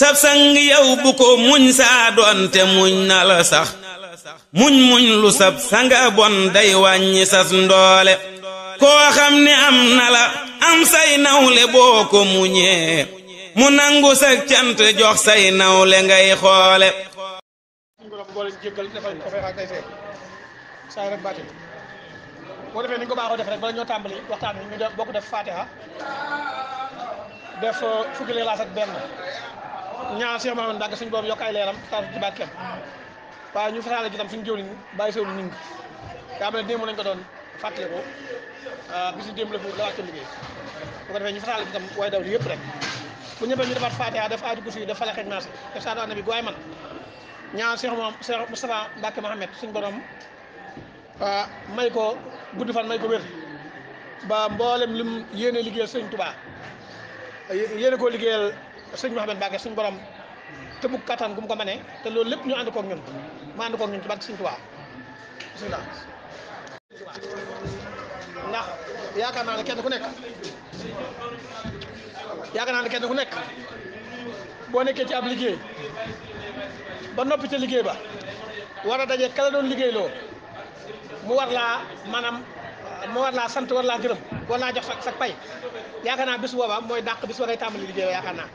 sab sang yow bu ko muñ saa muñ na sax muñ muñ lu sab sanga bon day wàññi sas ndoole koo xam ne am na am say nawle boo ko muñee mu nangu sa cant jox say nawle ngay xoole ñaan Cheikh Mamadou Ndagg suñu boobu yokk ay leeram ñu fasaale ci tam suñu jëwriñ bàyyi sewlu ñu bu ko defee ñu fasaale ci tam yëpp rek bu ñëppee ñu defaat Fatiha def aaju kursi def falaxeeg naas def saatu annabi gu waay man ñaan Cheikh moom Cheikh Moustapha Mbacke Mohamed suñu borom ah, may ko gudd fan may ko wér ba mboolem lim yéene liggéeyal sëñ Touba yéene koo liggéeyal sëñ Mouhamed Mbacke suñu borom te bu kattan gu mu ko mënee te loolu lépp ñu ànd koog ñun mu ànd koog ñun ci barke Sëñ Tuubaa bisimilah ndax yaakaar naa ne kenn ku nekk yaakaar naa ne kenn ku nekk boo nekkee ci ab liggéey ba noppi ca liggéey ba war a daje kala doon liggéey loo mu war laa maanaam ma war laa sant war laa gërëm war laa jox sa sa pay yaakaar naa bis booba mooy dàq bis ba ngay tàmbali liggéey yaakaar naa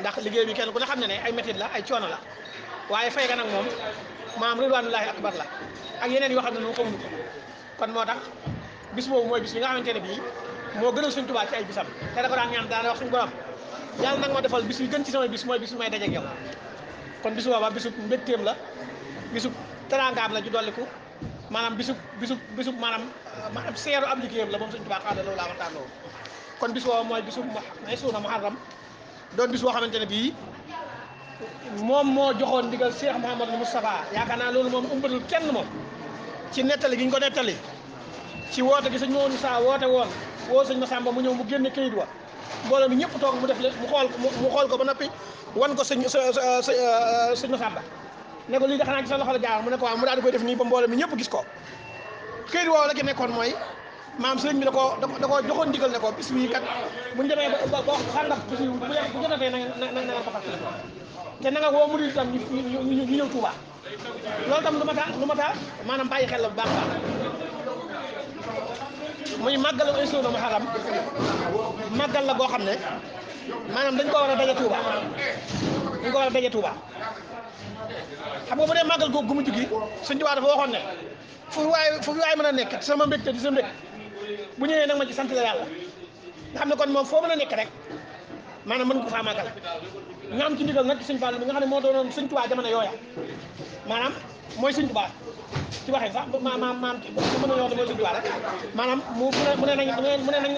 ndax liggéey bi kenn ku ne xam ne ne ay métit la ay coono la waaye fay ga nag moom maam ridwanullahi akbar la ak yeneen yoo xam ne nu xamuñu ko kon moo tax bis boobu mooy bis bi nga xamante ne bii moo gënal suñ Tuubaa ci ay bisam te da ko daan ñaan daana wax suñu borom yàlla nag ma defal bis bi gën ci samay bis mooy bis bi may dajeeg yow kon bis booba bisu mbégteem la bisu teraangaam la ju dolliku maanaam bisub bisub bisub maanaam uh, maanaam seeru ab liggéeyam la moom Sëñ Tuubaa xaada loolu laa waxtaan loolu kon bis woowu mooy bisub may suuna muharram doon bis boo xamante ne bii moom moo joxoon ndigal Cheikh Mouhamadou Moustapha yaakaar naa loolu moom ëmbatul kenn moom ci nettali gi ñu ko nettali ci woote gi sëñ Mouhamadou Moustapha woote woon woo sëñ Massamba mu ñëw mu génne këyit wa mbooloo mi ñëpp toog mu def leen mu xool mu xool ko ba noppi wan ko sëñ sëñ Massamba ne ko lii de xanaa ci sa loxo la jaar mu ne ko waaw mu daal di koy def nii ba mbooloo mi ñëpp gis ko këyit woowu la ci nekkoon mooy maam sëriñ bi da koo da koo joxoon ndigal ne ko bis bii kat bu ñu demee ba ba xandax bis bu bu jotatee na na na nga ko fàttali te na nga woo murid tam ñu ñu ñu ñëw Touba loolu tam lu ma taa lu ma taa maanaam bàyyi xel la bu baax baax muy màggal ay sóono ma xaram màggal la goo xam ne maanaam dañ ko war a daje Touba dañ ko war a daje Touba xam nga bu dee màggal googu gu mujj gi suñ tubaa dafa waxoon ne fu waay fu waay mën a nekk sama mbégte sa mbég bu ñëwee nag ma ci sant la yàlla nga xam kon moom foo mën nekk rek maanaam mën ko faa màggal nga am ci ndigal nag ci bi nga xam ne moo doonoon sëñ tubaa jamono yooya maanaam mooy sëñ tubaa ci waxee sax ma ma maam ci a yoo mooy sëñ tubaa rek maanaam mu mu ne nañ mu ne nañ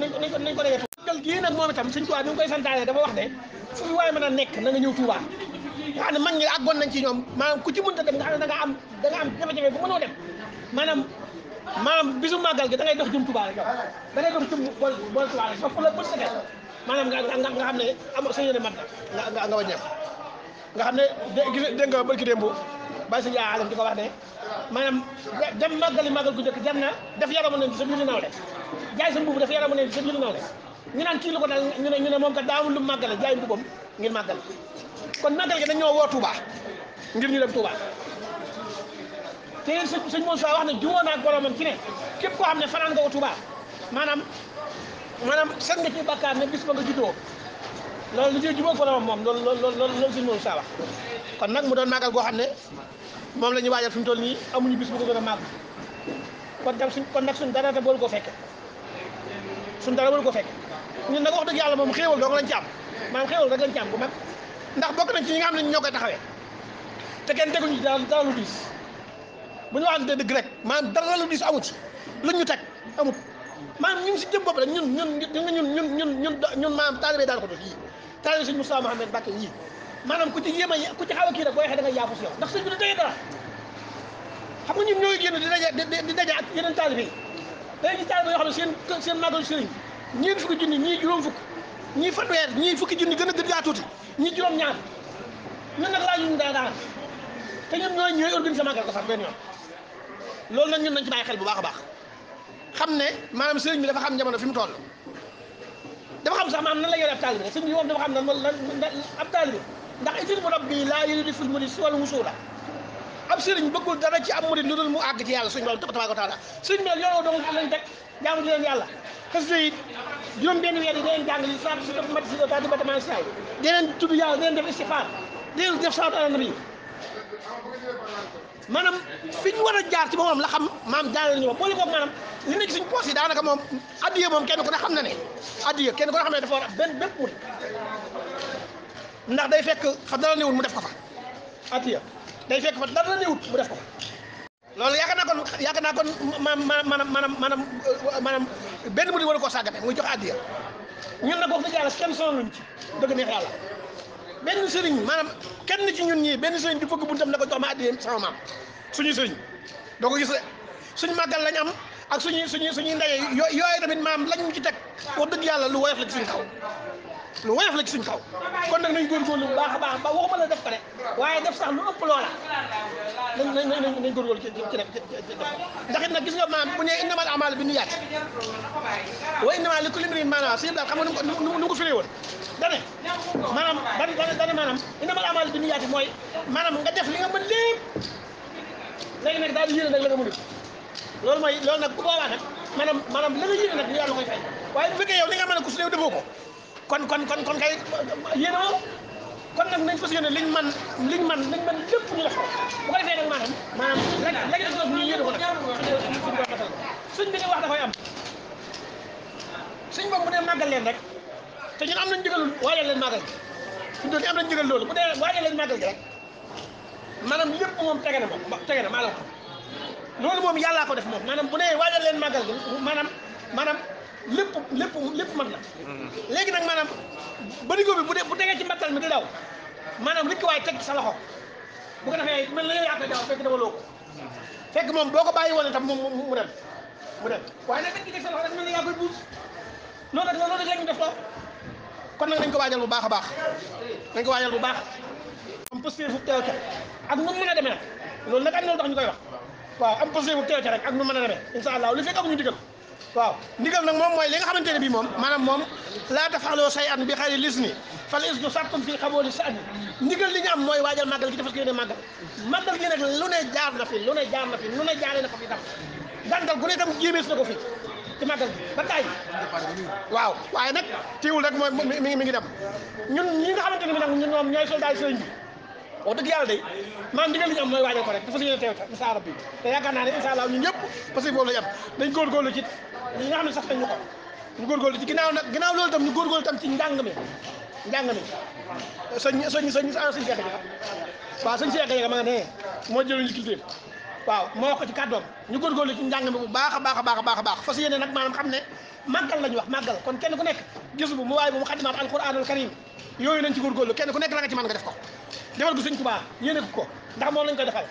nañ nañ ko defee màggal gii nag moom itam sëñ tubaa bi mu koy santaane dafa nekk na nga ñëw tubaa nga xam ne mag ñi àggoon nañ ci ñoom maanaam ku ci mënta dem nga xam ne da nga am da nga am jafe-jafe bu mënoo dem maanaam maanaam bisu màggal gi da ngay dox jëm Tuubaa da ngay dox jëm bool bool Tuubaa rek foofu sa def maanaam nga nga xam ne am sa yéene mat na nga nga wàññeeku nga xam ne dégg nga barki démb bàyyi sa jaay alam di ko wax ne maanaam dem màggali màggal gu njëkk dem na def yaramu nañ ci sa biir nawle jaay sa mbubu def yaramu nañ ci sa biir nawle ñu naan ko dal ñu ne ñu ne moom ka daawul lu màggale jaay mbubam ngir màggale kon màggal gi dañoo woo Touba ngir ñu dem Touba te sëñ sëñ Moussa wax ne juwoo naa koo xam ne fanaan nga ko Touba maanaam maanaam sën nga ci bàkkaar ne bis ba nga juddoo loolu li ñuy jubóog moom loolu loolu loolu sëñ wax kon nag mu doon màggal goo xam ne moom la ñu waajal fi mu toll nii amuñu bis bu ko gën a màgg kon dem suñ kon nag suñ dara te boolu ko fekke suñ dara boolu ko fekke ñun nag wax dëgg yàlla moom xéewal dong lañ ci am maanaam xéewal rek ci am bu mag ndax bokk nañ ci ñi nga am nañ ñoo koy taxawee te kenn teguñu ci dara lu diis bu ñu waxante dëgg rek maanaam dara lu diis amut luñ ñu teg amut maanaam ñun si jëm bopp rek ñun ñun ñun ñun ñun ñun ñun ñun maanaam taalibé daal ko si yii taalibé sëñ Moustapha Mouhamed Mbacké yii maanaam ku ci yéem ku ci xaw a booy rek boo waxee da nga yaafu si yow ndax sëñ ñu du teye dara xam nga ñun ñooy génn di daje di daje ak yeneen taalibé yi dañuy gis taalibé seen seen màggal sëriñ ñeent fukki junni ñii juróom fukk ñii fanweer ñii fukki junni gën a gën gaa tuuti ñii juróom ñaar ñun nag laaj ñu daa daan te ñoom ñooy ñooy organiser màggal ko sax benn yoon loolu nag ñun nañ ci bàyyi xel bu baax a baax xam ne maanaam sëriñ bi dafa xam jamono fi mu toll dafa xam sax maanaam na la yore ab taalibe sëriñ bi moom dafa xam nan lan ab taalibe ndax itil mu rab bi laa yële di fil mu di si wàllu musuula am sëriñ bëggul dara ci am murid lu dul mu àgg ci yàlla suñu borom tabaaraka wa taala di leen yàlla juróom benn weer yi da leen li sa si def mati si ta di bâtiment say da leen tudd yàlla da fi ñu war a jaar ci moom la xam maam jaarale ñu moom boole koog maanaam li daanaka moom addiya moom kenn ku ne xam na ne addiya kenn ku ne xam ne dafa war a benn bépp ndax day fekk xam dara newul mu def ko fa addiya day fekk fa dara néewut mu def ko loolu yaakaar naa kon yaakaar naa kon maanaam maanaam maanaam maanaam benn mu di wala koo sàggate muy joxe addiya ñun nag wax dëgg yàlla kenn sonluñ ci dëgg neex yàlla benn sëriñ maanaam kenn ci ñun ñii benn sëriñ di fëgg buntam na ko jox ma addiya sama maam suñu sëriñ doo ko gis de suñu màggal lañ am ak suñuy suñuy suñuy yo yooyu tamit maam lañ mu ci teg koo dëgg yàlla lu woyof la ci suñu kaw lu woyof la ci suñ kaw kon nag nañ góorgóorlu bu baax a baax ba waxuma la def ko de waaye def sax lu ëpp loola nañ nañ nañ nañ góorgóorlu ci ci def ndax it nag gis nga maam bu nee innamal amaal bi niyaat wa innamaa li kulli imri'in maa nawaa sëñ bi xam nga nu mu ko nu ko firee woon dane maanaam dane dane maanaam innamal amaal bi niyaat mooy maanaam nga def li nga mën lépp léegi nag daal di yéene nag la nga mënul loolu mooy loolu nag bu boobaa nag maanaam maanaam la nga yéene nag ñu yàlla koy fay waaye bu fekkee yow li nga mën a ku su néew defoo ko kon kon kon kon kay yéen a kon nag nañ fas yéene liñ man liñ man liñ man lépp ñu def ko bu ko defee nag maanaam maanaam rek rek rek ñu yéene ko nag suñ bi nga wax dafay am suñ boobu bu dee màggal leen rek am nañ njëgalul waajal leen màggal gi suñ doon am nañ njëgal loolu bu dee waajal leen màggal gi rek maanaam lépp moom tege na moom tege na maa la ko loolu moom yàllaa ko def moom maanaam bu dee waajal leen màggal gi lépp lépp lépp mat la léegi nag maanaam bërigo bi bu dee bu tegee ci mbattal mi di daw maanaam rikki waaye teg ci sa loxo bu ko defee mel na yow yaa koy daw fekk fekk moom boo ko bàyyi woon tam moom mu dem mu dem waaye nag rikki teg sa loxo rek mel na yaa koy buus loolu nag loolu rek la ñu def loo kon nag nañ ko waajal bu baax a baax nañ ko waajal bu baax am posture fu teew ca ak nu mën a demee nag loolu nag am na lu tax ñu koy wax waaw am posture fu teew ca rek ak nu mën a demee incha allah li fekk amuñu digal waaw ndigal nag moom mooy li nga xamante ne bii moom maanaam moom laa tafaxloo say an bi xayri lis ni fal is nu sartum fii xabooli sa ani ndigal li ñu am mooy waajal màggal gi dafa ko yéene màggal màggal gi nag lu ne jaar na fi lu ne jaar na fi lu ne jaaree na ko fi dam dangal gu ne tam jéemees na ko fi ci màggal gi ba tàyyi waaw waaye nag teewul rek mooy mi ngi mi ngi dem ñun ñi nga xamante ne ñun ñooy soldat bi wax dëgg yàlla day maanaam ndigal li ñu am mooy waajal ko rek dafa li ñu teew saara bi te yaakaar naa ne incha allah ñun ñëpp parce que boobu lañu am dañ góorgóorlu ci ñi nga xam ne sax nañ ñu ko ñu góorgóorlu ci ginnaaw nag ginnaaw loolu tam ñu góorgóorlu tam ci njàng mi njàng mi sëñ sëñ sëñ ah sëñ Cheikh Ndiaga waaw sëñ Cheikh Ndiaga ma nga ne moo jëloon ci culture waaw moo wax ko ci kàddoom ñu góorgóorlu ci njàng mi bu baax a baax a baax a baax fas yéene nag maanaam xam ne màggal la ñu wax màggal kon kenn ku nekk gisu bu mu waaye bu mu xadimaat alquranul karim yooyu nañ ci góorgóorlu kenn ku nekk la nga ci mën nga def ko defal ko sëñ Tuubaa yéene ko ndax moom lañ koy defal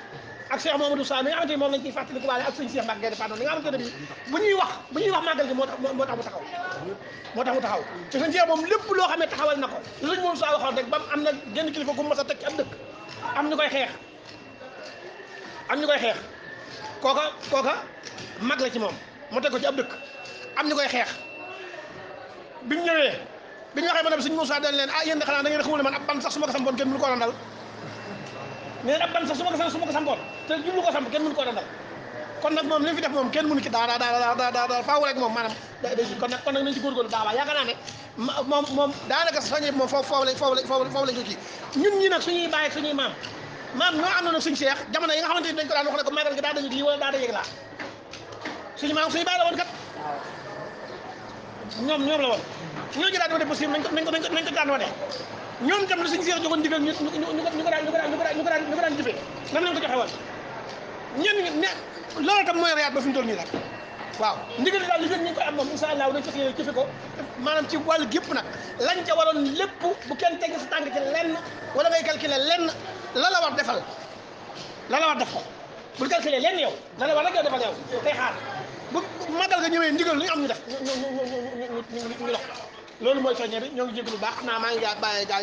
ak Cheikh Mamadou Sa mi nga xamante ni moom ko waale ak sëñ Cheikh Mbacke Gaynde ne bii bu ñuy wax bu ñuy wax màggal gi moo tax moo tax mu taxaw moo tax taxaw te sëñ moom lépp loo xam ne taxawal na ko lu sëñ Mamadou Sa waxoon rek ba am na genn kilifa gu mas a teg ci ab dëkk am ñu koy xeex am ñu koy xeex kooka kooka mag la ci moom mu teg ko ci ab dëkk am ñu koy xeex bi mu ñëwee bi ñu waxee ba noppi suñu Moussa dañ leen ah yéen de xanaa da ngeen xamul ne man ab ban sax su ma ko sampoon kenn mënu koo dandal ne ab ban sax su ma ko su ma ko sampoon te jublu ko samp kenn mënu koo dandal kon nag moom li mu fi def moom kenn mënu ci daara daara daara daara faaw rek moom maanaam day day kon nag kon nag nañ ci góorgóorlu daawaa yaakaar naa ne moom moom daanaka sañe moom foofu foofu la foofu la foofu la jóg ci ñun ñi nag suñuy bàyyi suñuy maam maam ñoo àndoon ak suñu seex jamono yi nga xamante ni dañ ko daan wax ne ko magal gi daa dañu lii wala daa dañu laa suñu maam suñu bàyyi la woon kat ñoom ñoom la woon ñoo ci daan wane possible nañ ko nañ ko nañ ko daan wane ñoom itam lu suñu seex joxoon digal ñu ñu ñu ko ñu ko daan ñu ko daan ñu ko daan ñu ko daan jëfee nam lañ ko joxe woon ñenn ñi ne loolu tam mooy reyaat ba fi mu toll nii nag waaw ndigal daal li fekk ñu ngi koy am moom incha allah dañ fas yéene jëfe ko maanaam ci wàllu gépp nag lañ ca waroon lépp bu kenn tegg sa tànk ci lenn wala ngay calculer la la war defal la la war def ko bul calculer lenn yow la la war rek yow defal yow tey xaar bu magal nga ñëwee ndigal lu ñu am bi ñoo ngi baax naa maa ngi gaa bàyyee gaa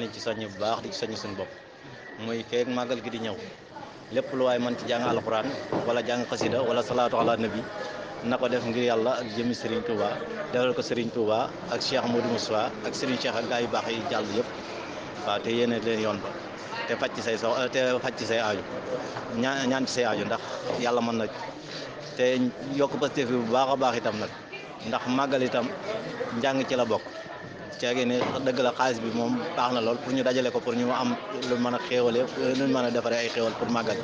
yi ci soññe bu baax di ci soññ bopp mooy feek màggal gi di ñëw lépp lu waay mën ci jàng alxuraan wala jàng xasida wala salaatu ala nabi na ko def ngir yàlla ak jëmi Serigne Touba defal ko Serigne Touba ak Cheikh Modou Moussa ak Serigne Cheikh ak gaa yu baax yi jàll yépp waaw te yéene leen yoon ba te faj ci say so te faj ci say aaju ñaan ñaan ci say aaju ndax yàlla man na te yokk pastéef bi bu baax a baax itam nag ndax màggal itam njàng ci la bokk ceegi ne dëgg la xaalis bi moom baax na lool pour ñu dajale ko pour ñu am lu mën a xéewale lu mën a defaree ay xéewal pour màggal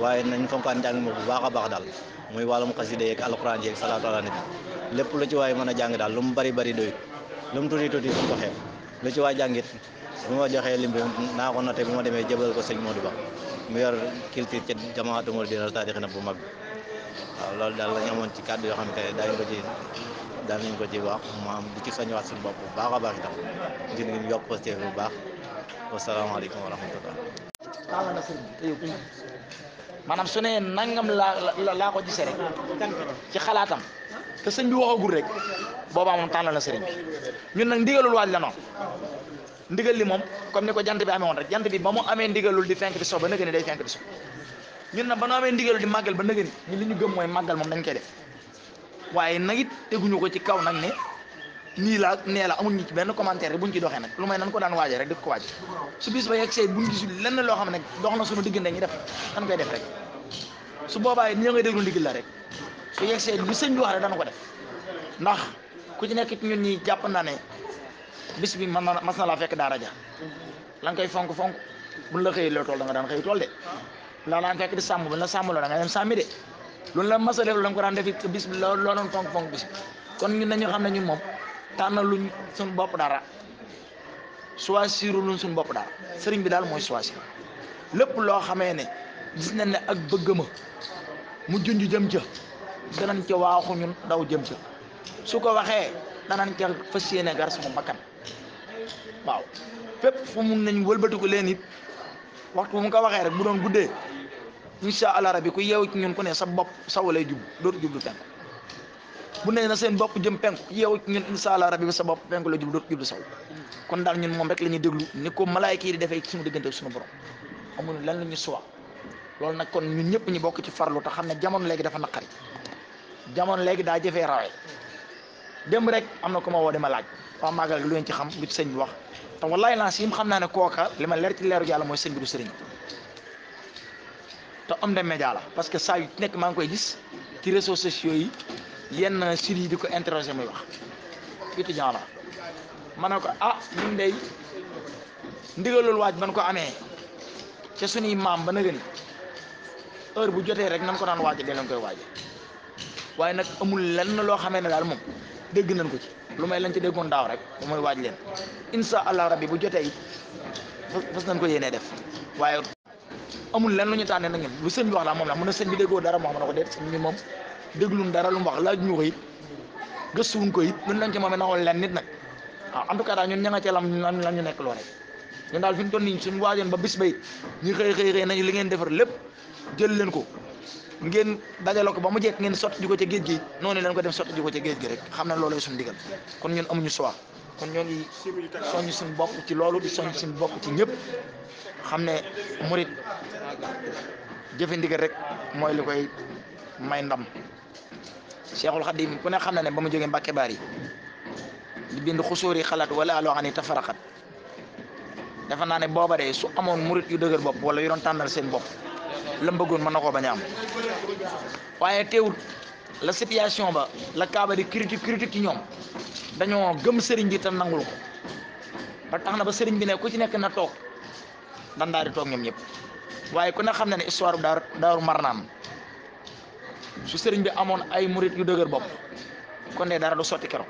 waaye nañ fonkaan njàng ma bu baax a baax daal muy wàllum xasida yeeg alxuraan yeeg salaatu ala nabi lépp lu ci waay mën a jàng daal lu mu bari bari doyut lu mu tuuti tuuti bi ma joxee lim bi naa ko noté bi ma demee jëbal ko sëñ Modou Ba mu yor culture ci jamaatu muridina taarix na bu mag bi waaw loolu daal la ñu amoon ci kàddu yoo xam te daañu ko ci daal nañ ko ci wax maam di ci soññewaat suñu bopp bu a baax itam ngir yokk posté bu baax wasalaamaaleykum wa su ne nangam laa laa ko gisee rek ci xalaatam te sëñ bi waxagul rek boobaa moom tànnal na sëriñ bi ñun nag ndigalul waaj la noonu ndigal li moom comme ni ko jant bi amee woon rek jant bi ba mu amee ndigalul di fenk di so ba nëgë ni day fenk di so ñun nag ñu ko ci kaw nag ne nii laa nee la amul ñu ci benn commentaire buñ ci doxee nag lu may nan ko daan waaje rek di ko waaje su bis ba yegg see buñ lenn loo xam ne dox na suñu de ñu def dañ koy def rek su boobaa ñoo ngay déglu ndigal la rek su yegg see lu sëñ bi wax ko def ndax ku ci nekk ci ñun ñi jàpp naa ne bis bi mas na laa fekk daara ja lan kay koy fonk fonk buñ la xëy loo tool da nga daan xëy tool de la daan fekk di sàmm bi la sàmmloo da danga dem sàmmi de loolu la mas a def la nga ko daan defi bis bi loo doon fonk fonk bis kon ñun nañu xam ne ñun moom tànna luñ suñu bopp dara choisiru luñ suñu bopp dara sëriñ bi daal mooy choisir lépp loo xamee ne gis nañ ne ak bëggama mu junj jëm ca danañ ca waaxu ñun daw jëm ca su ko waxee danañ ca fas yéene gar sama bakkan waaw fépp fu mun nañ wëlbatiku leen it waxtu bu mu ko waxee rek bu doon guddee incha allah rabi ku yeewu ci ñun ku ne sa bopp saw lay jub dootu jublu penku bu ne na seen bopp jëm penku ku yeewu ci ñun incha allah rabi sa bopp penku lay jub dootu jublu saw kon daal ñun moom rek la ñuy déglu ni ko malaayka yi di defee ci suñu diggante ak suñu borom amul lan la ñu suwa loolu nag kon ñun ñëpp ñu bokk ci farlu te xam ne jamono léegi dafa naqari jamono léegi daa jëfee rawee rek am na ku ma woo di ma laaj waa màggal lu leen ci xam ci sëñ bi wax. te wallaay naa xam naa ne kooka li ma leer ci leeru yàlla mooy sëñ bi du sëriñ te homme de média la parce que saa nekk maa ngi koy gis ci réseaux sociaux yi yenn sur yi di ko interroger mooy wax étudiant la ma ne ko ah ñun day ndigalul waaj ban ko amee ca suñuy maam ba nëgëni heure bu jotee rek nan ko daan waaje dee leen koy waaj waaye nag amul lenn loo xamee ne daal moom dégg nañ ko ci lu may lañ ci déggoon daaw rek mooy waaj leen incha allah rabbi bu jotee it fas nañ ko yéenee def waaye amul lenn lu ñu tànnee nag ñun lu sëñ bi wax la moom la mun na seen bi déggoo dara moo xam ne ko déet sëñ bi moom dégluñ dara lu mu wax laaj ñu ko it gëstuwuñ ko it ñun lañ ci na naxoon leen nit nag waaw en tout cas daal ñun ña nga cee lam lan nekk loo rek ñun daal fi ñu toll nii suñu waajoon ba bis ba it ñu xëy xëy xëy nañu li ngeen defar lépp jël leen ko ngeen dajale ko ba mu jekk ngeen sotti ji ko ca géej gi noonu leen ko dem sotti ji ko ca géej gi rek xam na loolu suñu digal kon ñun amuñu choix kon ñoo ngi soññ suñu bopp ci loolu di soññ suñu bopp ci ñëpp xam ne murit jëfe ndigal rek mooy li koy may ndam Cheikhul Khadim ku ne xam na ne ba mu jegee Mbàkke Baar yi di bind xusóori xalaat wala aloo xam ne tafaraxat dafa naa ne booba de su amoon murit yu dëgër bopp wala yu doon tànnal seen bopp la mu bëggoon mën na koo bañ a am waaye teewut la situation ba la kaaba di critique critique ñoom dañoo gëm sëriñ bi te nangul ko ba tax na ba sëriñ bi ne ku ci nekk na toog dan daa toog ñoom ñëpp waaye kon ne xam na ne histoire bu daar daaru marnaan su sëriñ bi amoon ay murit yu dëgër bopp kon de dara du sotti keroog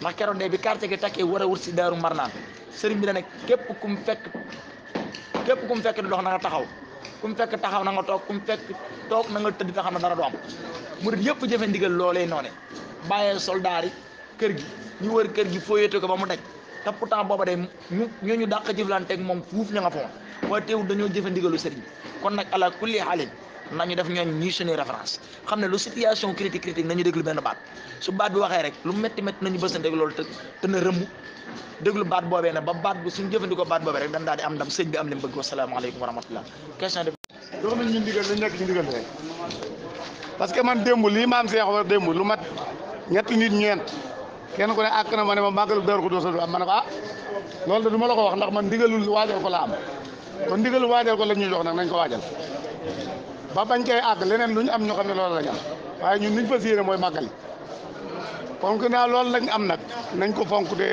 ndax keroog de bi quartier gi takkee war a wut si daaru marnaan sëriñ bi na ne képp kum fekk képp kum fekk du dox na nga taxaw ku mu fekk taxaw na nga toog ku mu fekk toog na nga tëdd nga xam ne dara du mu murit yëpp jëfe ndigal loolee noone bàyyee soldaar yi kër gi ñu wër kër gi fooyeete ko ba mu deg te pourtant booba de ñu ñooñu dàq jëflanteeg moom fuuf ña nga fa woon waaye teewul dañoo jëfe ndigalu sëriñ kon nag ala kulli xaalin nañu def ñooñ ñii suñuy référence xam ne lu situation critique critique nañu déglu benn baat su baat bi waxee rek lu métti métti nañu bësante déglu loolu te te na rëmb déglu baat boobee na ba baat bi suñu jëfandikoo baat boobee rek dañ daal di am ndam sëñ bi am li mu bëgg wasalaamaaleykum wa rahmatullah question de jox nañ ñu nekk ci ndigal rek parce que man démb lii maam seex war démb lu mat ñetti nit ñeent kenn ku ne àkk na ma ne ma màggalu Daaru Xudoos du am ma ko ah loolu de du ma la ko wax ndax man ndigalul waajal ko la am kon ndigalul waajal ko la ñuy jox nag nañ ko waajal ba bañ cay àgg leneen lu ñu am ñu xam ne loolu la waaye ñun niñ fas yéene mooy màggali fonk naa loolu lañ am nag nañ ko fonk de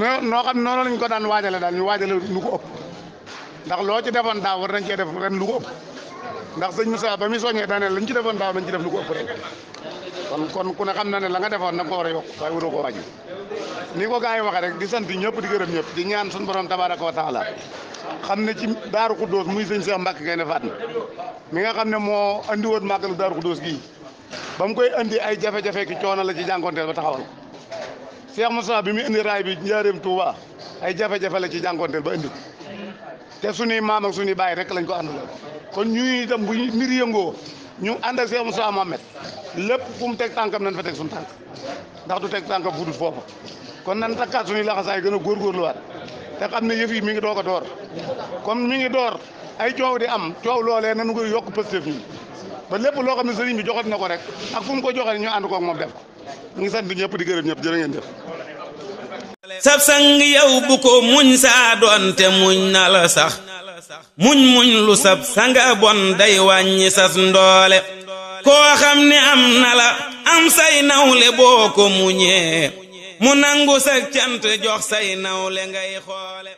noo noo xam noonu lañ ko daan waajale daal ñu waajale lu ko ëpp ndax loo ci defoon daaw war nañ cee def ren lu ko ëpp ndax sëñ Moussa ba muy soññee daaneel lañ ci defoon daaw nañ ci def lu ko ëpp rek kon kon ku xam na ne la nga defoon da nga ko a yokk waaye waroo koo wàññi ni ko gars yi waxee rek di sant ñëpp di gërëm ñëpp di ñaan suñu borom tabaraka wa taala xam ne ci daaru ku xuddoos muy sëñ Cheikh Mbacke Gaïndé na mi nga xam ne moo andi woon màggalu daaru xuddoos gii ba mu koy andi ay jafe-jafe ki coono la ci jànkonteel ba taxawal Cheikh Moussa bi muy indi raay bi njaareem tuubaa ay jafe-jafe la ci jànkonteel ba indi te suñuy maam ak baay rek lañ ko àndaloon ñu ànd ak Cheikh Moussa Mohamed lépp fu mu teg tànkam nañ fa teg suñu tànk ndax du teg tànkam fu dul foofu kon nan takkaat suñuy laxasaay gën a góorgóorluwaat te xam ne yëf yi mi ngi doog a door comme mi ngi door ay coow di am coow loolee nañu ko yokk pëstef ñi ba lépp loo xam ne sëriñ bi joxoon na ko rek ak fu mu ko joxee ñu ànd koog moom def ko ñu ngi sant di gërëm ñëpp jërë ngeen jëf. sab sang yow bu ko muñ saa doonte muñ na sax. muñ muñ lu sab sanga bon day wàññi sas ndoole koo xam ne am na am say nawle boo ko muñee mu nangu sag cant jox say nawle ngay xoole